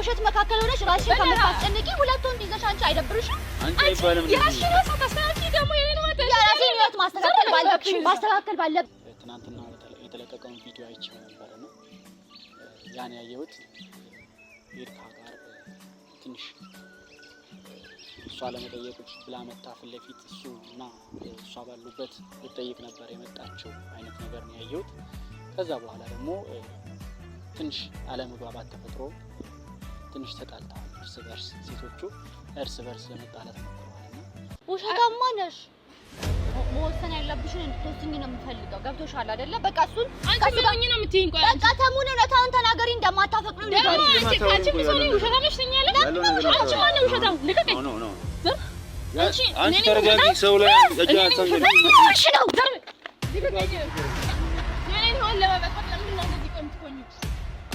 በውሸት መካከል ሆነሽ ራስሽን ከምታስጨንቂ ሁለት ወንድ ይዘሽ አንቺ አይደብርሽም? የራስሽን ሀሳብ ታስተካክል። ደግሞ የራሴን ህይወት ማስተካከል ባለብሽ ማስተካከል ባለብሽ። ትናንትና የተለቀቀውን ቪዲዮ አይቼው ነበር ነው ያን ያየሁት። ኤርካ ጋር ትንሽ እሷ ለመጠየቅ ብላ መታ ፊት ለፊት እሱ እና እሷ ባሉበት ልጠይቅ ነበር የመጣችው አይነት ነገር ነው ያየሁት። ከዛ በኋላ ደግሞ ትንሽ አለመግባባት ተፈጥሮ ትንሽ ተጣልተዋል። እርስ በርስ ሴቶቹ እርስ በርስ ለመጣላት ሞክረዋል። ውሸታማ ነሽ። መወሰን ያለብሽን እንድትወስኝ ነው የምፈልገው። ገብቶሻል አይደለ? በቃ እሱን አንቺ ነው የምትይኝ? ቆይ በቃ ተሙን እውነታውን ተናገሪ። አንቺ ነሽ ትኛለሽ? አንቺ ማን ነው ውሸታም? ልቀቀኝ። አንቺ ተረጋጊ። ሰው ላይ እጅ ነው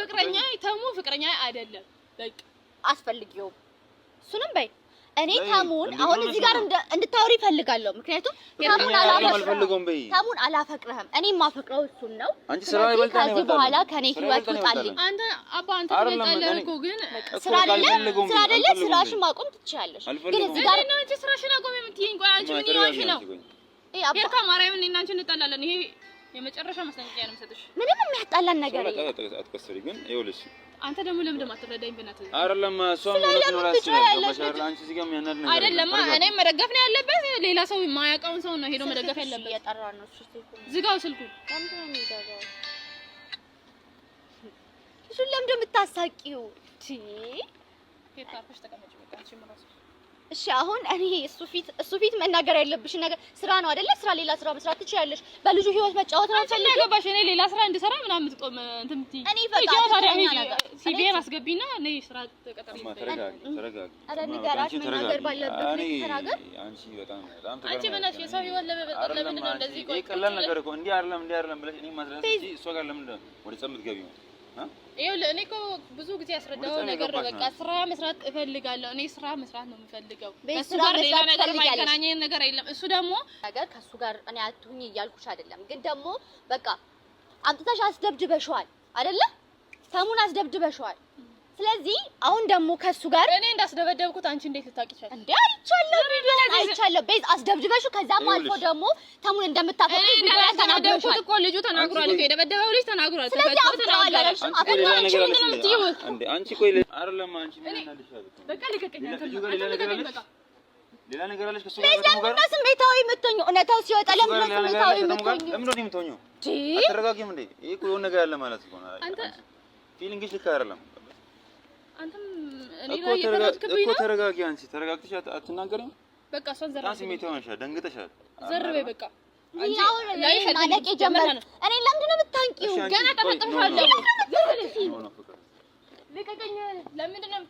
ፍቅረኛ ተሙ ፍቅረኛ አይደለም በቃ አስፈልጊውም። እሱንም በይ እኔ ታሙን አሁን እዚህ ጋር እንድታወሪ እፈልጋለሁ። ምክንያቱም ታሙን አላፈቅርህም፣ እኔ የማፈቅረው እሱን ነው። ከዚህ በኋላ ከኔ ህይወት ውጣልኝ። ስራ አይደለ ስራሽን ማቆም ትችያለሽ፣ ግን እዚህ ጋር ስራሽን አቆም የምትይኝ ቆይ፣ አንቺ ምን ይዋሽ ነው? የመጨረሻ ማስጠንቀቂያ ነው የምሰጥሽ። ምንም የሚያጣላን ነገር የለም። አትከስሪ ግን ይኸውልሽ አንተ ደግሞ ለምንድን አትረዳኝ? በእናትህ አይደለም እኔ መደገፍ ነው ያለበት። ሌላ ሰው የማያውቀውን ሰው ነው ሄዶ መደገፍ ያለበት። ዝጋው ስልኩ። እሱን ለምንድን የምታሳቂው? እሺ አሁን እኔ እሱ ፊት እሱ ፊት መናገር ያለብሽ ነገር ስራ ነው አይደለ? ስራ ሌላ ስራ መስራት ትችያለሽ። በልጁ ህይወት መጫወት ነው አንቺ ያገባሽ። እኔ ሌላ ስራ እንድሰራ ምናምን ምትቆም እንትን ምትይ እኔ ፈቃድ ሲቪየን አስገቢና እኔ ስራ ተቀጠሪ። ተረጋጋ። ኧረ ንገራት መናገር ባለብህ እኔ ተናገር። አንቺ በጣም በጣም አንቺ ምን አሽ የሰው ህይወት ለመበጠር ለምንድን ነው እንደዚህ? ቆይ ቀላል ነገር እኮ እንዲህ አይደለም እንዲህ አይደለም ብለሽ እኔ ማዝራት እሷ ጋር ለምንድን ነው ወደ ፀብ የምትገቢው? ይኸውልህ እኔ እኮ ብዙ ጊዜ ያስረዳኸው ነገር በቃ ስራ መስራት እፈልጋለሁ። እኔ ስራ መስራት ነው የምፈልገው። እሱ ጋር ሌላ ነገር የማይገናኘኝ ነገር የለም። እሱ ደግሞ ነገር ከእሱ ጋር እኔ አትሁኝ እያልኩሽ አይደለም፣ ግን ደግሞ በቃ አምጥተሽ አስደብድበሽዋል አይደለ? ተሙን አስደብድበሽዋል ስለዚህ አሁን ደግሞ ከሱ ጋር እኔ እንዳስደበደብኩት አንቺ እንዴት ልታውቂ ይችላል እንዴ? አይቻለሁ፣ አይቻለሁ። ቤዝ አስደብድበሽው ከዛም አልፎ ደግሞ ተሙን እንደምታፈቅሪ ቪዲዮ ላይ እኮ ልጁ ተናግሯል እኮ የደበደበው ልጅ ተናግሯል። ስለዚህ አሁን ተናግሯል። አሁን አንቺ ምን እንዴ? አንቺ አይደለም አንቺ ምን በቃ ሌላ ነገር አለሽ ከሱ ጋር ስሜታዊ የምትሆኚው? እውነታው ሲወጣ ለምን ስሜታዊ የምትሆኚው? ለምን ነው የምትሆኚው? አትረጋጊም እንዴ? ይሄ እኮ የሆነ ነገር አለ ማለት ነው። አንተ ፊሊንግሽ ልክ አይደለም። አንተም እኔ ላይ የተናገርከኝ እኮ ተረጋጊ። አንቺ ተረጋግተሽ አትናገሪም። በቃ እሷን ዘራ ስሜት ሆነሻል፣ ደንግጠሻል። ዘር በይ በቃ ማለቅ የጀመረ እኔ ለምንድን ነው የምታንቂው? ገና ቀጠቅሻለሁ። ልቀቀኝ። ለምንድን ነው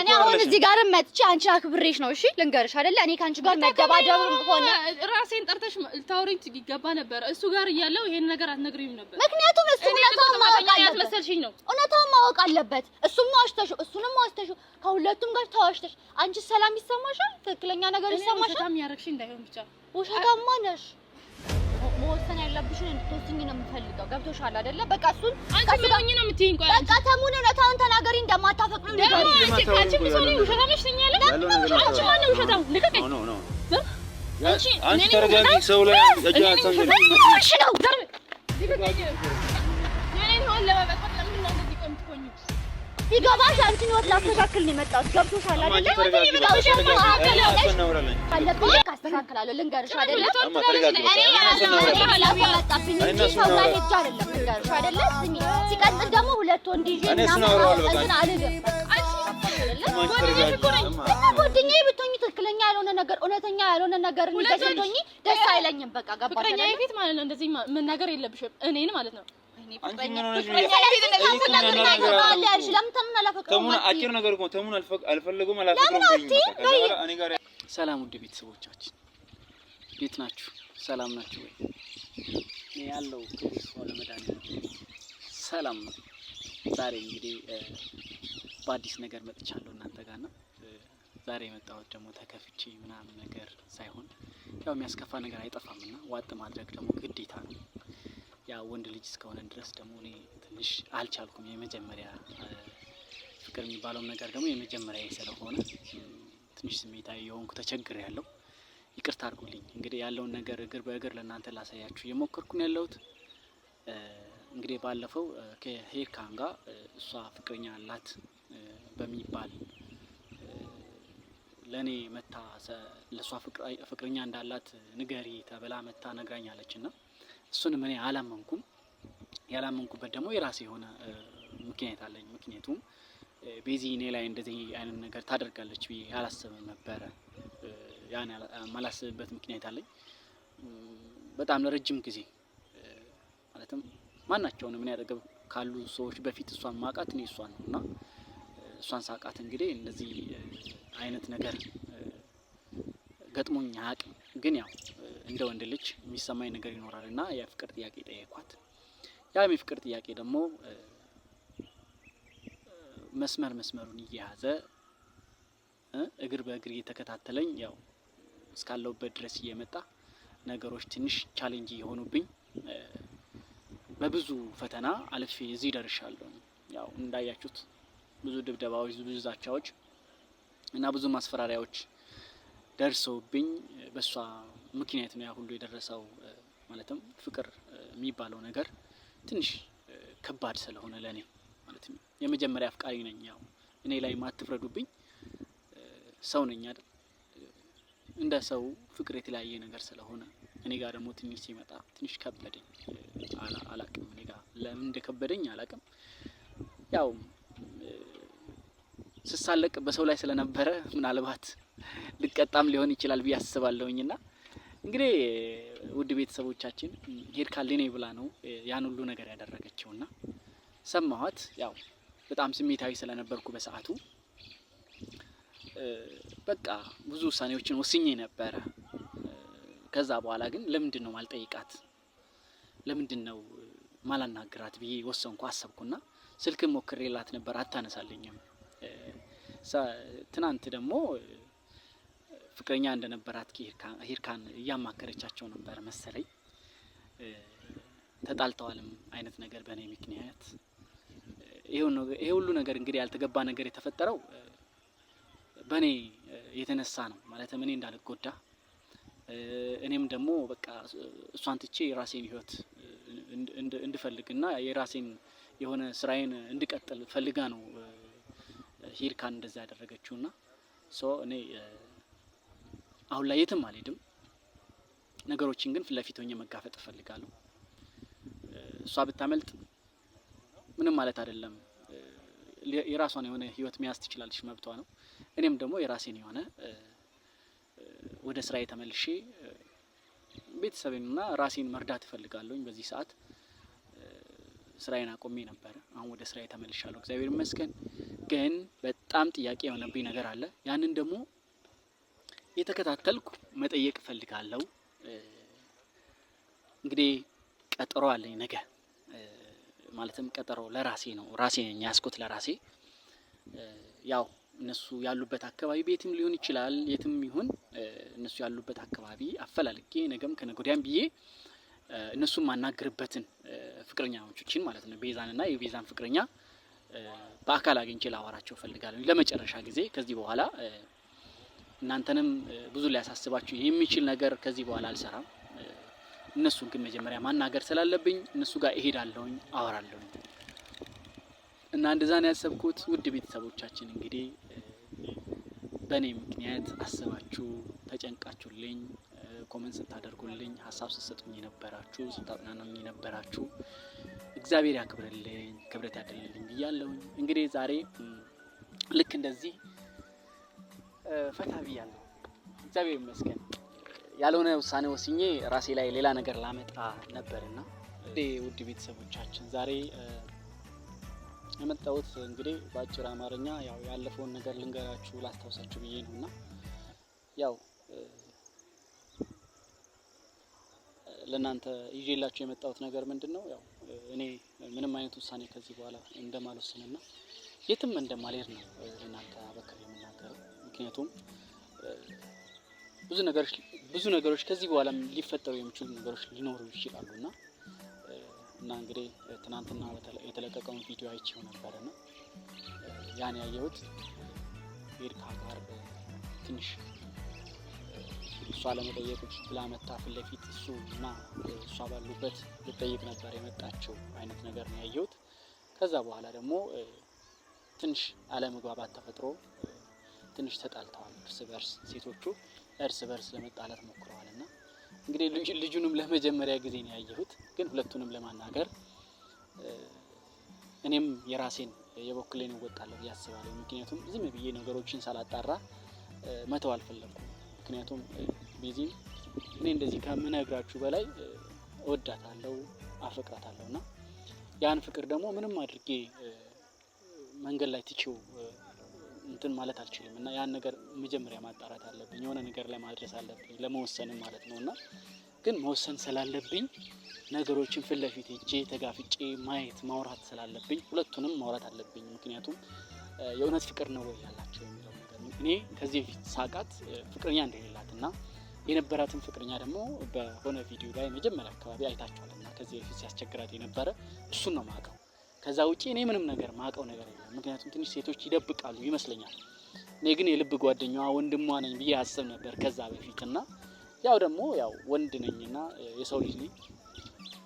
እኔ አሁን እዚህ ጋር መጥቼ አንቺን አክብሬሽ ነው። እሺ ልንገርሽ አይደለ እኔ ከአንቺ ጋር መገባደብ ሆነ ራሴን ጠርተሽ ልታወሪኝ ይገባ ነበር። እሱ ጋር እያለው ይሄን ነገር አትነግሪኝም ነበር። ምክንያቱም እሱ እውነታውን ማወቅ አለበት ነው እውነታውን ማወቅ አለበት። እሱም ዋሽተሽ እሱንም ዋሽተሽ ከሁለቱም ጋር ተዋሽተሽ አንቺ ሰላም ይሰማሻል? ትክክለኛ ነገር ይሰማሻል? በጣም ያረግሽ እንዳይሆን ብቻ ውሸታማ ነሽ። መወሰን ያለብሽን እንድትወስኝ ነው የምፈልገው። ገብቶሻል አይደለ? በቃ እሱን አንቺ ምን ነው የምትይኝ? ቆይ በቃ ተሙን እውነታውን ተናገሪ። እንደማታፈቅዱ ንገሪ። አንቺ ብዙ ነው ውሸታም ነሽ አንቺ ማን ነው ውሸታም? ልቀቀኝ። አንቺ ተረጋጊ። ሰው ላይ እጅ አትሰንግሪ። ነው ነው ልቀቀኝ ሲገባሽ አንቺ ህይወት ላስተካክል ነው የመጣሁት። ገብቶሻል አይደለ? አስተካክላለሁ። ልንገርሽ አይደለ? ሲቀጥል ደግሞ ሁለት ወንድ ይዤ ጓደኛዬ ብትሆኚ ትክክለኛ ያልሆነ ነገር እውነተኛ ያልሆነ ነገር ደስ አይለኝም። በቃ ገባሽ አይደለ? ፊት ማለት ነው እንደዚህ መናገር የለብሽም እኔን ማለት ነው ሰላም ውድ ቤተሰቦቻችን እንዴት ናችሁ? ሰላም ናችሁ ወይ? ያለው ሰላም ነው። ዛሬ እንግዲህ በአዲስ ነገር መጥቻለሁ እናንተ ጋር ነው። ዛሬ የመጣሁት ደግሞ ተከፍቼ ምናምን ነገር ሳይሆን ያው የሚያስከፋ ነገር አይጠፋምና ዋጥ ማድረግ ደግሞ ግዴታ ነው። ያ ወንድ ልጅ እስከሆነ ድረስ ደግሞ እኔ ትንሽ አልቻልኩም። የመጀመሪያ ፍቅር የሚባለውን ነገር ደግሞ የመጀመሪያ ስለሆነ ትንሽ ስሜታዊ የሆንኩ ተቸግር ያለው ይቅርታ አድርጉልኝ። እንግዲህ ያለውን ነገር እግር በእግር ለእናንተ ላሳያችሁ እየሞከርኩን ያለሁት እንግዲህ ባለፈው ከሄርካን ጋር እሷ ፍቅረኛ አላት በሚባል ለእኔ መታ ለእሷ ፍቅረኛ እንዳላት ንገሪ ተብላ መታ ነግራኛለች ና እሱንም እኔ አላመንኩም። ያላመንኩበት ደግሞ የራሴ የሆነ ምክንያት አለኝ። ምክንያቱም ቤዚ እኔ ላይ እንደዚህ አይነት ነገር ታደርጋለች ብዬ አላሰብም ነበረ። ያን ማላስብበት ምክንያት አለኝ። በጣም ለረጅም ጊዜ ማለትም ማናቸውንም እኔ አጠገብ ካሉ ሰዎች በፊት እሷን ማውቃት እኔ እሷን ነው እና እሷን ሳውቃት እንግዲህ እንደዚህ አይነት ነገር ገጥሞኝ አያውቅም ግን ያው እንደ ወንድ ልጅ የሚሰማኝ ነገር ይኖራል እና የፍቅር ጥያቄ ጠየኳት። ያም የፍቅር ጥያቄ ደግሞ መስመር መስመሩን እየያዘ እግር በእግር እየተከታተለኝ ያው እስካለውበት ድረስ እየመጣ ነገሮች ትንሽ ቻሌንጅ የሆኑብኝ በብዙ ፈተና አልፌ እዚህ ደርሻለሁ። ያው እንዳያችሁት ብዙ ድብደባዎች፣ ብዙ ዛቻዎች እና ብዙ ማስፈራሪያዎች ደርሰውብኝ በእሷ ምክንያት ነው ያ ሁሉ የደረሰው። ማለትም ፍቅር የሚባለው ነገር ትንሽ ከባድ ስለሆነ ለእኔ ማለት የመጀመሪያ አፍቃሪ ነኝ። ያው እኔ ላይ ማትፍረዱብኝ፣ ሰው ነኝ አይደል? እንደ ሰው ፍቅር የተለያየ ነገር ስለሆነ እኔ ጋር ደግሞ ትንሽ ሲመጣ ትንሽ ከበደኝ። አላቅም እኔ ጋር ለምን እንደከበደኝ አላቅም። ያው ስሳለቅ በሰው ላይ ስለነበረ ምናልባት ልቀጣም ሊሆን ይችላል ብዬ አስባለሁኝ ና እንግዲህ ውድ ቤተሰቦቻችን ሄድ ነኝ ብላ ነው ያን ሁሉ ነገር ያደረገችው እና ሰማኋት። ያው በጣም ስሜታዊ ስለነበርኩ በሰዓቱ በቃ ብዙ ውሳኔዎችን ወስኜ ነበረ። ከዛ በኋላ ግን ለምንድን ነው ማልጠይቃት፣ ለምንድን ነው ማላናግራት ብዬ ወሰንኩ፣ አሰብኩና ስልክን ሞክሬላት ነበር፣ አታነሳልኝም። ትናንት ደግሞ ፍቅረኛ እንደነበራት ሂርካን እያማከረቻቸው ነበር መሰለኝ። ተጣልተዋልም አይነት ነገር በእኔ ምክንያት። ይሄ ሁሉ ነገር እንግዲህ ያልተገባ ነገር የተፈጠረው በእኔ የተነሳ ነው። ማለትም እኔ እንዳልጎዳ እኔም ደግሞ በቃ እሷን ትቼ የራሴን ህይወት እንድፈልግና የራሴን የሆነ ስራዬን እንድቀጥል ፈልጋ ነው ሂርካን እንደዛ ያደረገችውና እኔ አሁን ላይ የትም አልሄድም። ነገሮችን ግን ፊት ሆኜ መጋፈጥ እፈልጋለሁ። እሷ ብታመልጥ ምንም ማለት አይደለም። የራሷን የሆነ ህይወት መያዝ ትችላለች፣ መብቷ ነው። እኔም ደግሞ የራሴን የሆነ ወደ ስራ ተመልሼ ቤተሰቤንና ራሴን መርዳት እፈልጋለሁኝ። በዚህ ሰዓት ስራዬን አቆሜ ነበር። አሁን ወደ ስራዬ ተመልሻለሁ፣ እግዚአብሔር ይመስገን። ግን በጣም ጥያቄ የሆነብኝ ነገር አለ። ያንን ደግሞ የተከታተልኩ መጠየቅ እፈልጋለሁ። እንግዲህ ቀጠሮ አለኝ ነገ፣ ማለትም ቀጠሮ ለራሴ ነው፣ ራሴ ነኝ ያስኩት ለራሴ። ያው እነሱ ያሉበት አካባቢ ቤትም ሊሆን ይችላል፣ የትም ይሁን እነሱ ያሉበት አካባቢ አፈላልጌ ነገም ከነገ ወዲያም ብዬ እነሱን ማናግርበትን ፍቅረኛዎችን ማለት ነው፣ ቤዛንና የቤዛን ፍቅረኛ በአካል አግኝቼ ላወራቸው እፈልጋለሁ ለመጨረሻ ጊዜ ከዚህ በኋላ እናንተንም ብዙ ሊያሳስባችሁ የሚችል ነገር ከዚህ በኋላ አልሰራም። እነሱን ግን መጀመሪያ ማናገር ስላለብኝ እነሱ ጋር እሄዳለሁኝ፣ አወራለሁኝ እና እንደዛ ነው ያሰብኩት። ውድ ቤተሰቦቻችን እንግዲህ በእኔ ምክንያት አስባችሁ ተጨንቃችሁልኝ ኮመንት ስታደርጉልኝ ሀሳብ ስትሰጡኝ የነበራችሁ ስታጽናኑኝ የነበራችሁ እግዚአብሔር ያክብርልኝ ክብረት ያደልልኝ ብያለሁኝ። እንግዲህ ዛሬ ልክ እንደዚህ ፈታ ብያለሁ። እግዚአብሔር ይመስገን። ያልሆነ ውሳኔ ወስኜ ራሴ ላይ ሌላ ነገር ላመጣ ነበርና ውድ ቤተሰቦቻችን ዛሬ የመጣሁት እንግዲህ በአጭር አማርኛ ያው ያለፈውን ነገር ልንገራችሁ ላስታውሳችሁ ብዬ ነው እና ያው ለእናንተ ይዤላችሁ የመጣሁት ነገር ምንድን ነው ያው እኔ ምንም አይነት ውሳኔ ከዚህ በኋላ እንደማልወስንና የትም እንደማልሄድ ነው እናንተ በክሬ ምክንያቱም ብዙ ነገሮች ብዙ ነገሮች ከዚህ በኋላ ሊፈጠሩ የሚችሉ ነገሮች ሊኖሩ ይችላሉ እና እና እንግዲህ ትናንትና የተለቀቀውን ቪዲዮ አይቼው ነበር ና ያን ያየሁት ሄድካ ጋር ትንሽ እሷ ለመጠየቅ ብላ መታ ፊት ለፊት እሱ እና እሷ ባሉበት ልጠይቅ ነበር የመጣቸው አይነት ነገር ነው ያየሁት። ከዛ በኋላ ደግሞ ትንሽ አለመግባባት ተፈጥሮ ትንሽ ተጣልተዋል እርስ በርስ ሴቶቹ እርስ በርስ ለመጣላት ሞክረዋል። እና እንግዲህ ልጁንም ለመጀመሪያ ጊዜ ነው ያየሁት፣ ግን ሁለቱንም ለማናገር እኔም የራሴን የበኩሌን እወጣለሁ ብዬ አስባለሁ። ምክንያቱም ዝም ብዬ ነገሮችን ሳላጣራ መተው አልፈለኩም። ምክንያቱም ቤዚ እኔ እንደዚህ ከምነግራችሁ በላይ እወዳታለሁ፣ አፈቅራታለሁ እና ያን ፍቅር ደግሞ ምንም አድርጌ መንገድ ላይ ትቼው እንትን ማለት አልችልም እና ያን ነገር መጀመሪያ ማጣራት አለብኝ። የሆነ ነገር ላይ ማድረስ አለብኝ ለመወሰንም ማለት ነው እና ግን መወሰን ስላለብኝ ነገሮችን ፊት ለፊት ተጋፍጬ ማየት ማውራት ስላለብኝ ሁለቱንም ማውራት አለብኝ። ምክንያቱም የእውነት ፍቅር ነው ወይ ያላቸው የሚለው ነገር እኔ ከዚህ በፊት ሳቃት ፍቅረኛ እንደሌላት እና የነበራትን ፍቅረኛ ደግሞ በሆነ ቪዲዮ ላይ መጀመሪያ አካባቢ አይታችኋል እና ከዚህ በፊት ሲያስቸግራት የነበረ እሱን ነው ማውቀው ከዛ ውጪ እኔ ምንም ነገር ማቀው ነገር የለም። ምክንያቱም ትንሽ ሴቶች ይደብቃሉ ይመስለኛል። እኔ ግን የልብ ጓደኛዋ ወንድሟ ነኝ ብዬ አስብ ነበር ከዛ በፊት እና ያው ደግሞ ያው ወንድ ነኝና የሰው ልጅ ነኝ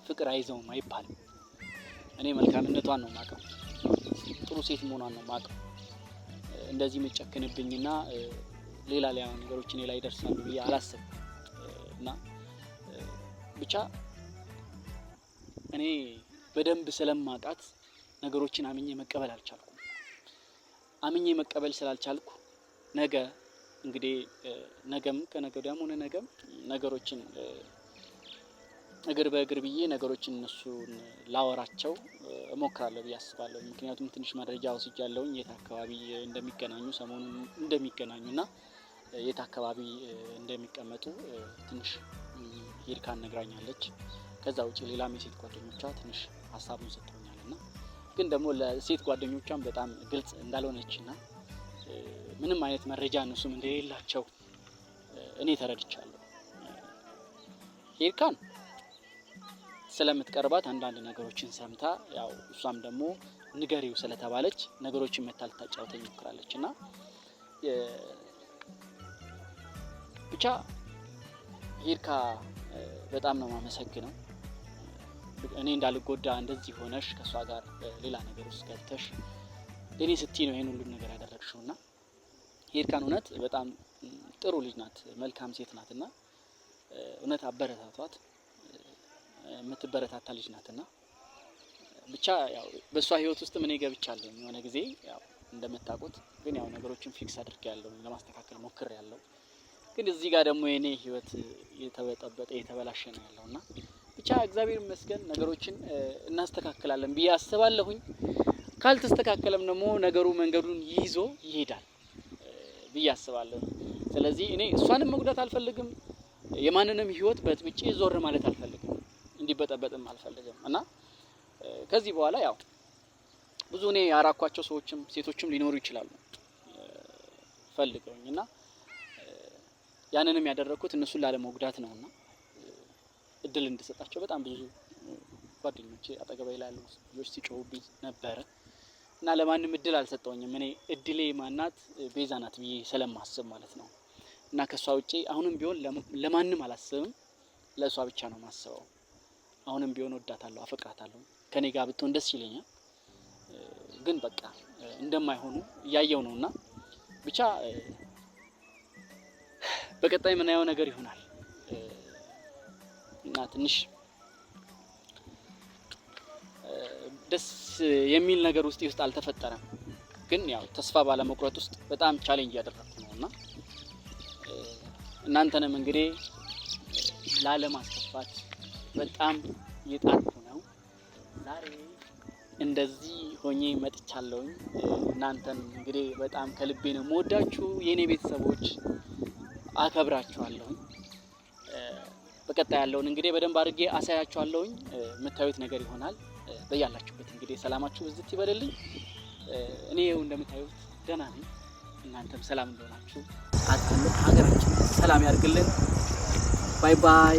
ፍቅር አይዘውም አይባልም። እኔ መልካምነቷን ነው ማቀው፣ ጥሩ ሴት መሆኗን ነው ማቀው። እንደዚህ የምጨክንብኝና ሌላ ሌላ ነገሮች እኔ ላይ ይደርሳሉ ብዬ አላስብም እና ብቻ እኔ በደንብ ስለማውቃት ነገሮችን አምኜ መቀበል አልቻልኩም። አምኜ መቀበል ስላልቻልኩ ነገ እንግዲህ ነገም ከነገ ወዲያም ሆነ ነገም ነገሮችን እግር በእግር ብዬ ነገሮችን እነሱን ላወራቸው እሞክራለሁ ብዬ አስባለሁ። ምክንያቱም ትንሽ መረጃ ወስጃለሁኝ የት አካባቢ እንደሚገናኙ ሰሞኑን እንደሚገናኙና የት አካባቢ እንደሚቀመጡ ትንሽ ሄድካ ነግራኛለች። ከዛ ውጭ ሌላ ሜሴት ጓደኞቿ ትንሽ ሀሳቡን ሰጥተው ግን ደግሞ ለሴት ጓደኞቿም በጣም ግልጽ እንዳልሆነችና ምንም አይነት መረጃ እነሱም እንደሌላቸው እኔ ተረድቻለሁ። ሄርካን ስለምትቀርባት አንዳንድ ነገሮችን ሰምታ ያው እሷም ደግሞ ንገሪው ስለተባለች ነገሮችን መታ ልታጫውተኝ ሞክራለች እና ብቻ ሄርካ በጣም ነው ማመሰግነው። እኔ እንዳልጎዳ እንደዚህ ሆነሽ ከእሷ ጋር ሌላ ነገር ውስጥ ገብተሽ ለእኔ ስቲ ነው ይህን ሁሉም ነገር ያደረግሽው ና ሄድካን እውነት በጣም ጥሩ ልጅ ናት፣ መልካም ሴት ናት ና እውነት አበረታቷት። የምትበረታታ ልጅ ናት ና ብቻ ያው በእሷ ህይወት ውስጥ ምን ገብቻለሁ የሆነ ጊዜ ያው እንደምታውቁት ግን ያው ነገሮችን ፊክስ አድርግ ያለው ለማስተካከል ሞክር ያለው ግን እዚህ ጋር ደግሞ የኔ ህይወት የተበጠበጠ የተበላሸ ነው ያለውና ብቻ እግዚአብሔር ይመስገን ነገሮችን እናስተካክላለን ብዬ አስባለሁኝ። ካልተስተካከለም ደግሞ ነገሩ መንገዱን ይዞ ይሄዳል ብዬ አስባለሁ። ስለዚህ እኔ እሷንም መጉዳት አልፈልግም፣ የማንንም ህይወት በጥብጬ ዞር ማለት አልፈልግም፣ እንዲበጠበጥም አልፈልግም እና ከዚህ በኋላ ያው ብዙ እኔ ያራኳቸው ሰዎችም ሴቶችም ሊኖሩ ይችላሉ ፈልገውኝ እና ያንንም ያደረኩት እነሱን ላለመጉዳት ነውና እድል እንድሰጣቸው በጣም ብዙ ጓደኞቼ አጠገባይ ላሉ ልጆች ሲጮሁብኝ ነበረ እና ለማንም እድል አልሰጠውኝም። እኔ እድሌ ማናት ቤዛ ናት ብዬ ስለማስብ ማለት ነው። እና ከእሷ ውጪ አሁንም ቢሆን ለማንም አላስብም፣ ለእሷ ብቻ ነው ማስበው። አሁንም ቢሆን ወዳታለሁ፣ አፈቅራታለሁ። ከኔ ጋር ብትሆን ደስ ይለኛል፣ ግን በቃ እንደማይሆኑ እያየው ነው እና ብቻ በቀጣይ የምናየው ነገር ይሆናል። እና ትንሽ ደስ የሚል ነገር ውስጤ ውስጥ አልተፈጠረም። ግን ያው ተስፋ ባለመቁረጥ ውስጥ በጣም ቻሌንጅ እያደረኩ ነው እና እናንተንም እንግዲህ ላለማስከፋት በጣም እየጣርኩ ነው። ዛሬ እንደዚህ ሆኜ መጥቻለሁኝ። እናንተን እንግዲህ በጣም ከልቤ ነው የምወዳችሁ የእኔ ቤተሰቦች፣ አከብራችኋለሁኝ። በቀጣይ ያለውን እንግዲህ በደንብ አድርጌ አሳያችኋለሁኝ። የምታዩት ነገር ይሆናል። በያላችሁበት እንግዲህ ሰላማችሁ ብዝት ይበልልኝ። እኔ ይኸው እንደምታዩት ደህና ነኝ። እናንተም ሰላም እንደሆናችሁ አስቀምጥ። ሀገራችን ሰላም ያድርግልን። ባይ ባይ።